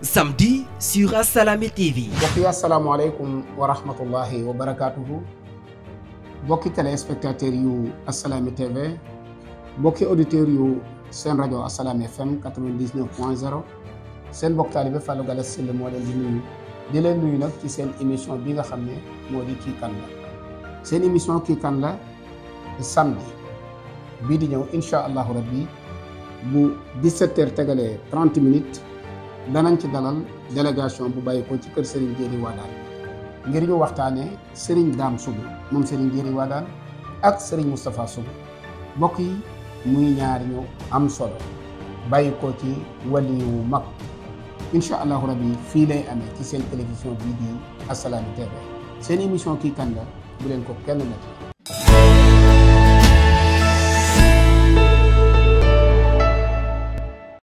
samedi sur Assalaamy TV. mbokk yi asalaamaaleykum wa rahmatullahi wa barakaatuhu mbokki téléspectateurs yu Assalaamy TV mbokki auditeurs yu seen rajo Assalaamy FM 99.0 seen mbokk taalibe Fallou Galass Syll moo leen di nuyu di leen nuyu nag ci seen émission bi nga xam ne moo di kii kan la seen émission kii kan la samedi bii di ñëw incha allahu rabbi bu 17h tegalee 30 minutes. danañ ci dalal délégation bu bàyyi ci kër Serigne Jéeri Wadaan ngir ñu waxtaanee Serigne Dame Sougou moom Serigne Jéeri Wadaan ak Serigne Moustapha Sougou mbokk yi muy ñaar ñu am solo bàyyikoo ci wàllu wu mag incha allahu rabi fii lay amee ci seen télévision bii ak Assalaamy TV seen émission kii kan la bu leen ko kenn nati